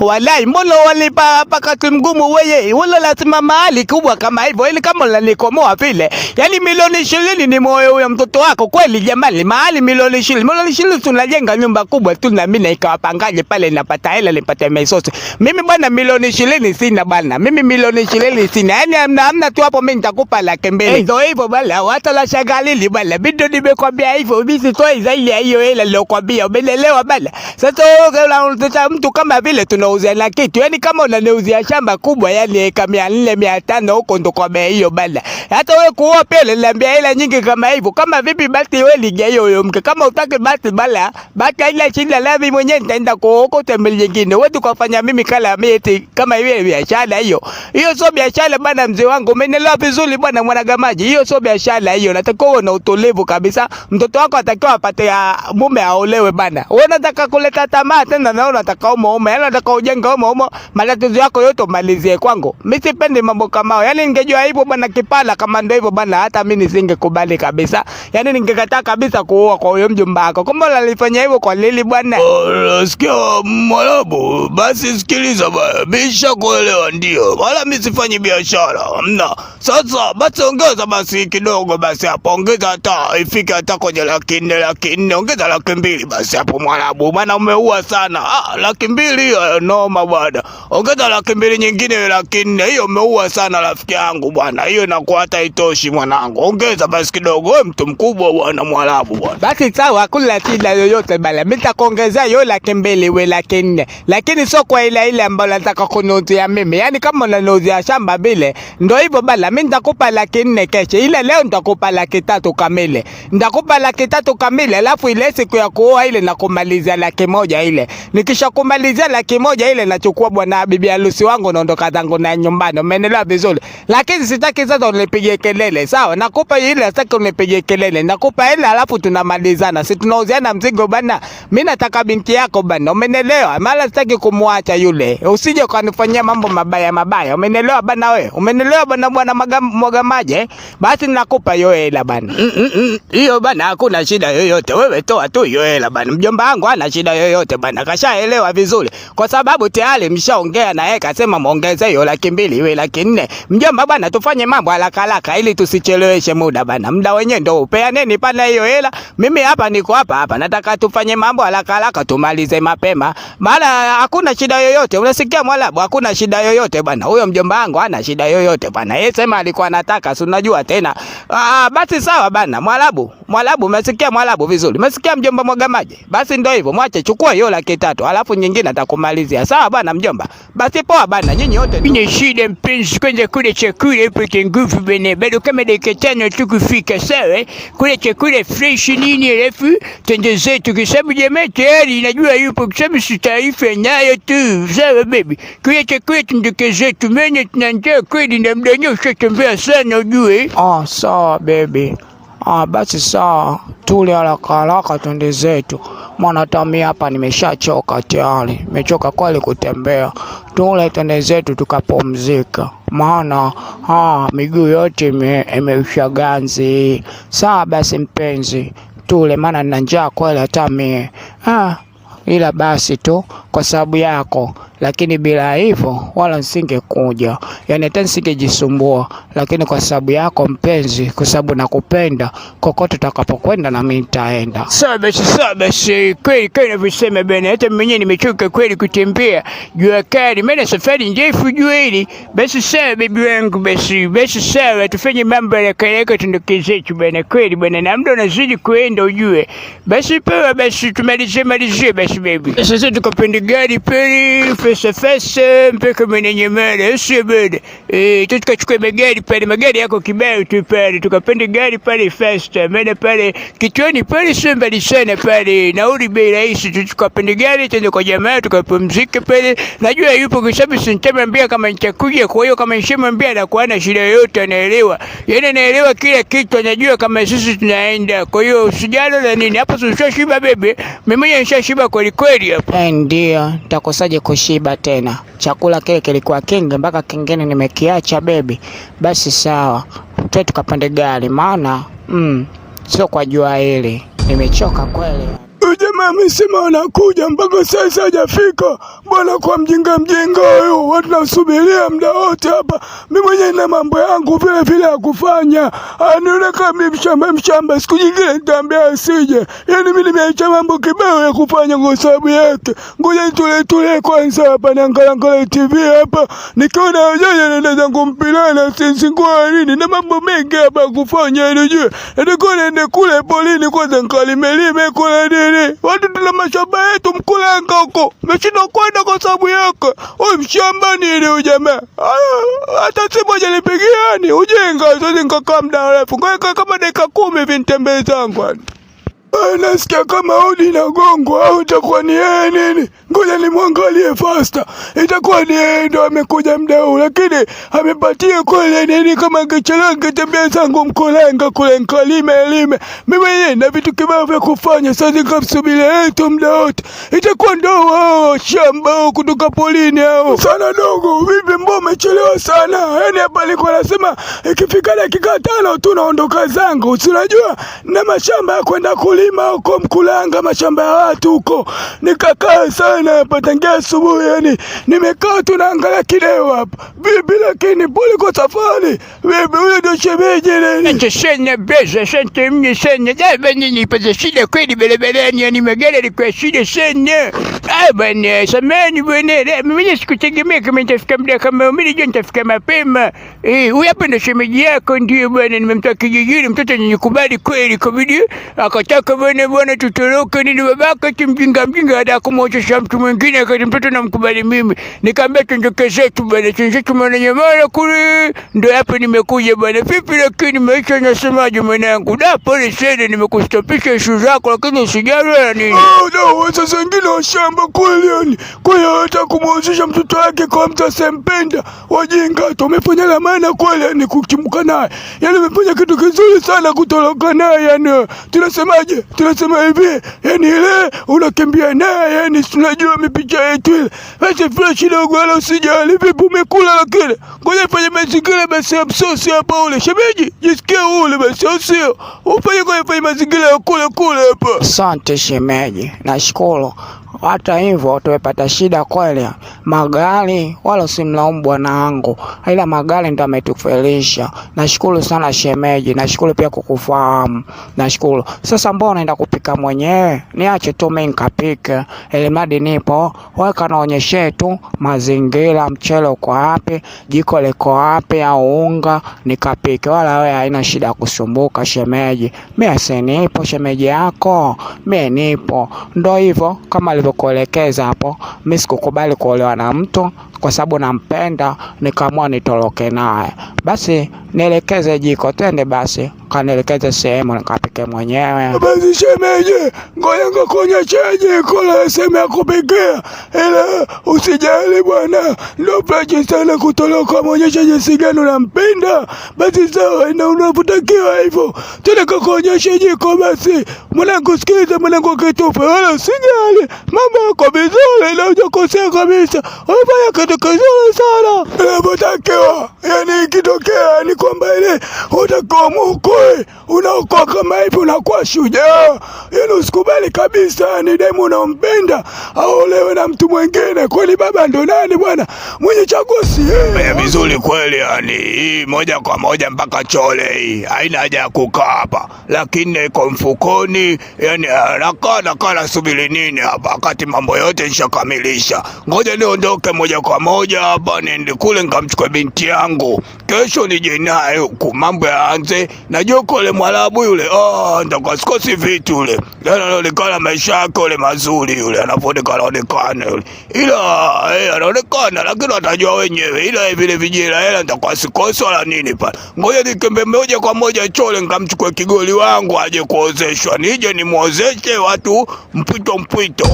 Walai, ah, mbona walipa wakati mgumu weye? Wala lazima mahali kubwa kama hivyo, ili kama unanikomoa vile. Yaani milioni ishirini ni moyo huyo mtoto wako kweli jamani, mahali milioni ishirini. Milioni ishirini tunajenga nyumba kubwa tu na mimi nikawapangaje pale napata hela nipate mesosi. Mimi bwana milioni ishirini sina bwana. Mimi milioni ishirini sina. Yaani amna amna tu hapo mimi nitakupa laki mbili. Hey, ndio hivyo bwana, hata la shagalili bwana. Bido nimekwambia hivyo, mimi sitoi zaidi ya hiyo hela niliyokuambia. Umeelewa bwana? Sasa wewe unataka mtu kama vile tunauzia na kitu. Yani kama unaniuzia shamba kubwa, yani eka mia nne mia tano huko ndo kwa bei hiyo bana. Hata wewe kuoa pia unaniambia hela nyingi kama hivyo. Kama vipi basi wewe lige hiyo huyo mke. Kama utaki basi bala, baka haina shida la mimi mwenyewe nitaenda kuoko huko tembele nyingine. Wewe tukafanya mimi kala mimi kama hiyo biashara hiyo. Hiyo sio biashara bana mzee wangu. Umenielewa vizuri bwana mwanagamaji. Hiyo sio biashara hiyo. Natakiwa uwe na utulivu kabisa. Mtoto wako atakiwa apate ah, mume aolewe bana. Wewe unataka kuleta tamaa tena na unataka umeoma. Yaani utakaojenga humo humo, matatizo yako yote umalizie kwangu. Mimi sipendi mambo kama hayo. Yani ningejua hivyo bwana Kipala, kama ndio hivyo bwana, hata mimi nisingekubali kabisa. Yani ningekataa kabisa kuoa kwa huyo mjomba wako. Kumbe unalifanya hivyo kwa lili bwana. Unasikia oh, Mwarabu? Basi sikiliza bwana, bisha kuelewa ndio. Wala mimi sifanyi biashara. Hamna. Sasa basi ongeza basi kidogo basi hapo. Ongeza hata ifike hata kwenye laki nne, laki nne. Ongeza laki mbili basi hapo Mwarabu. Bwana umeua sana. Ah, laki mbili hiyo hiyo eh, noma bwana, ongeza laki mbili nyingine, laki nne. Hiyo umeua sana rafiki yangu bwana, hiyo inakuwa hata itoshi mwanangu, ongeza basi kidogo. Wewe mtu mkubwa bwana, mwarabu bwana. Basi sawa, hakuna shida yoyote bwana, mimi nitakuongezea hiyo laki mbili we laki nne, lakini sio kwa ile ile ambayo nataka kunuzia mimi. Yani kama unanuzia shamba bile, ndio hivyo bwana, mimi nitakupa laki nne kesho, ile leo nitakupa laki tatu kamili, nitakupa laki tatu kamili, alafu ile siku ya kuoa ile nakumalizia laki moja ile, nikishakumalizia laki wiki moja ile nachukua bwana bibi harusi wangu naondoka zangu na nyumbani. Umeelewa vizuri? Lakini sitaki sasa unipige kelele. Sawa? Nakupa ile sitaki unipige kelele. Nakupa ile alafu tunamalizana. Si tunauziana mzigo bana. Mimi nataka binti yako bana. Umeelewa? Mala sitaki kumwacha yule. Usije ukanifanyia mambo mabaya mabaya. Umeelewa bana wewe? Umeelewa bana bwana mwaga maji? Eh? Basi nakupa hiyo hela bana. Mm, mm, mm. Hiyo bana hakuna shida yoyote. Wewe toa tu hiyo hela bana. Mjomba wangu ana shida yoyote bana. Kashaelewa vizuri kwa sababu tayari mshaongea na yeye kasema muongeze hiyo laki mbili iwe laki nne. Mjomba bwana, tufanye mambo haraka haraka ili tusicheleweshe muda bwana. Muda wenyewe ndio upeaneni pana hiyo hela. Mimi hapa niko hapa hapa, nataka tufanye mambo haraka haraka tumalize mapema, maana hakuna shida yoyote. Unasikia Mwalabu, hakuna shida yoyote bwana. Huyo mjomba wangu hana shida yoyote bwana, yeye sema alikuwa anataka, si unajua tena. Ah, ah basi sawa bwana. Mwalabu, Mwalabu, umesikia Mwalabu vizuri? Umesikia mjomba mwaga maji? Basi ndio hivyo, mwache, chukua hiyo laki tatu alafu nyingine atakuma kumalizia. Sawa bwana mjomba. Basi poa bana nyinyi wote. Mimi shide mpenzi kwenye kule chekule ipo kinguvu bene. Bado kama dakika tano tu kufika sawa. Kule chekule fresh nini refu tende zetu kisabu jeme tayari inajua yupo kwa si taifa nayo tu. Sawa baby. Kule chekule tunduke zetu mwenye tunanjaa kweli na mdanyo ushatembea sana ujue. Ah, sawa baby. Ah, basi saa tule haraka haraka twende zetu, maana hata mimi hapa nimeshachoka tayari, nimechoka kweli kutembea. Tule twende zetu tukapumzika, maana ah, miguu yote imeusha ganzi. Sawa basi mpenzi, tule, maana nina njaa kweli hata mimi ah, ila basi tu kwa sababu yako lakini bila hivyo wala nisingekuja, yani hata nisingejisumbua, lakini kwa sababu yako mpenzi, kwa sababu nakupenda, kokote utakapokwenda na mimi nitaenda. Sabashi sabashi, kweli kweli navyosema bwana, hata mwenyewe nimechoka kweli kutembea jua kali, maana safari ndefu jua hili. Basi sawa, bibi wangu, basi basi sawa, tufanye mambo ya kaleka tundoke zetu bwana, kweli bwana, na muda unazidi kuenda ujue. Basi pewa, basi tumalizie malizie basi bebi, sasa tukapende gari peli fesefese mpaka mwenye nyemele sio bwana eh, tukachukua magari pale, magari yako kibao tu pale, tukapende gari pale fasta, maana pale kituoni pale sio mbali sana pale, nauli bei rahisi, tukapanda gari tende kwa jamaa, tukapumzika pale. Najua yupo kwa sababu sintamwambia kama nitakuja, kwa hiyo kama nishamwambia anakuwa na shida yoyote, anaelewa yaani, anaelewa kila kitu, anajua kama sisi tunaenda, kwa hiyo usijalo la nini hapo, sio shiba bebe, mimi nisha shiba kweli kweli hapo, eh, ndio takosaje kushiba kuiba tena. Chakula kile kilikuwa kingi mpaka kingine nimekiacha bebi. Basi sawa, twende tukapande gari maana mm, sio kwa jua hili nimechoka kweli. Ujamaa amesema anakuja, mpaka sasa hajafika. Mbona kwa mjinga mjinga huyu, watu nasubiria muda wote hapa. Mimi mwenyewe na mambo yangu vile vile ya kufanya, anaoneka mimi mshamba mshamba. Siku nyingine nitaambia asije, yaani mimi nimeacha mambo kibao ya kufanya kwa sababu yake. Ngoja nitule tule kwanza hapa, naangalia angalia TV hapa, nikiona wajaja naenda zangu mpira na singua nini na mambo mengi hapa kufanya, unajua, ndio naenda kule polini kwanza nkalimelime kule nini nini? Watu tuna mashamba yetu mkulenga huko. Meshinda kwenda kwa sababu yako. Oi mshamba ile ujamaa. Hata simu moja yaani. Ujinga sozi nikakaa mda mrefu. Kwa kama dakika 10 hivi Eh, nasikia kama hodi inagongwa au itakuwa ni yeye nini? Ngoja nimwangalie faster, itakuwa ni yeye ndo amekuja muda huu, lakini amepatia kule nini kama kichelanga tembea zangu mkolenga kule nkalime elime mimi yeye na vitu kibao vya kufanya sasa, nikamsubiria yetu muda wote, itakuwa ndo wao shamba kutoka polini hao. Sana dogo, vipi mbo umechelewa sana? Yani hapa alikuwa anasema ikifika dakika tano tu naondoka zangu, si unajua na mashamba ya kwenda kule nikalima huko Mkulanga, mashamba ya watu huko, nikakaa sana hapa tangia asubuhi, yani nimekaa tu naangalia kileo hapa vipi, lakini pole kwa safari vipi. Huyo ndio shemeji nini shenye beza sente mnyi shenye jaba nyinyi ipata shida kweli barabarani, yani magari likuwa shida sana. Ah bwana, samani bwana, mimi sikutegemea kama nitafika muda kama mimi, nijua nitafika mapema. Eh, huyu hapa ndio shemeji yako? Ndio bwana, nimemtoa kijijini, mtoto nyenye kubali kweli, kabidi akataka babake bwana bwana, tutoroke nini? Babake kimjinga mjinga ada kumwozesha mtu mwingine, akati mtoto namkubali mimi. Nikamwambia tuondoke zetu bwana, mwana nyamara kule, ndio hapo nimekuja bwana. Vipi lakini maisha nasemaje mwanangu? Da, pole sana, nimekustopisha ishu zako, lakini usijali wala nini. Oh, no, sasa wengine washamba kweli yani. Kwa hiyo hata kumwozesha mtoto wake kwa mtu asempenda, wajinga tu. Umefanya la maana kweli yani, kukimka naye. yani umefanya kitu kizuri sana kutoroka naye yani. Tunasemaje? tunasema hivi, yani ile unakimbia naye, yani tunajua mipicha yetu ile. Basi fresh dogo, wala usijali. Vipi umekula? Lakini ngoja fanye mazingira basi ya msosi hapa, ule shemeji, jisikia ule basi, au sio? Ufanye ngoja fanye mazingira ya kule kule hapa. Asante shemeji, nashukuru. Hata hivyo tumepata shida kweli, magari wala simlaumu bwana wangu, ila magari ndo ametufelisha. Nashukuru sana shemeji, nashukuru pia kukufahamu, nashukuru. Sasa mbona unaenda kupika mwenyewe? Niache tu mimi nikapike, madi nipo weka, naonyeshe tu mazingira, mchele uko wapi, jiko liko wapi, au unga nikapike, wala wewe haina shida ya kusumbuka shemeji. Mimi asinipo shemeji yako, mimi nipo, ndo hivyo kama alivyo nilivyokuelekeza hapo, mimi sikukubali kuolewa na mtu kwa sababu nampenda, nikaamua nitoroke naye. Basi nielekeze jiko, twende basi. Kanielekeze sehemu nikapike mwenyewe. Basi shemeji, ngoja ngakuonyesha jiko la sehemu ya kupikia, ila usijali bwana, ndo freshi sana kutoloka mwonyesha jinsi gani unampenda. Basi sawa, ina unapotakiwa hivyo, twende kakuonyesha jiko. Basi mwanangu, sikiliza mwanangu, kitupe, wala usijali, mambo yako vizuri na hujakosea kabisa, umefanya kitu kizuri sana unapotakiwa, yani ikitokea ni kwamba ile utakuwa mukwe, unaokoa kama hivi, unakuwa shujaa. Ili yaani usikubali kabisa, ni yaani demu unampenda aolewe na mtu mwingine. Kweli baba ndo nani bwana mwenye chaguzi vizuri kweli, yani hii moja kwa moja mpaka Chole. Hii haina haja ya kukaa hapa, lakini iko mfukoni. Yani eh, nakaa nakaa, nasubiri nini hapa, wakati mambo yote nishakamilisha. Ngoja niondoke moja kwa moja hapa, niende kule nikamchukue binti yangu, kesho nije naye eh, huku mambo yaanze Najua uko ule Mwarabu yule, oh, ah, ndakwa sikosi vitu yule, yaani anaonekana maisha yake ule mazuri yule, anapoonekana anaonekana yule, ila eh, anaonekana lakini watajua wenyewe, ila eh, vile vijira hela eh, ndakwa sikosi wala nini pale. Ngoja nikembe moja kwa moja chole ngamchukue kigoli wangu aje kuozeshwa, nije nimwozeshe watu mpwito mpwito.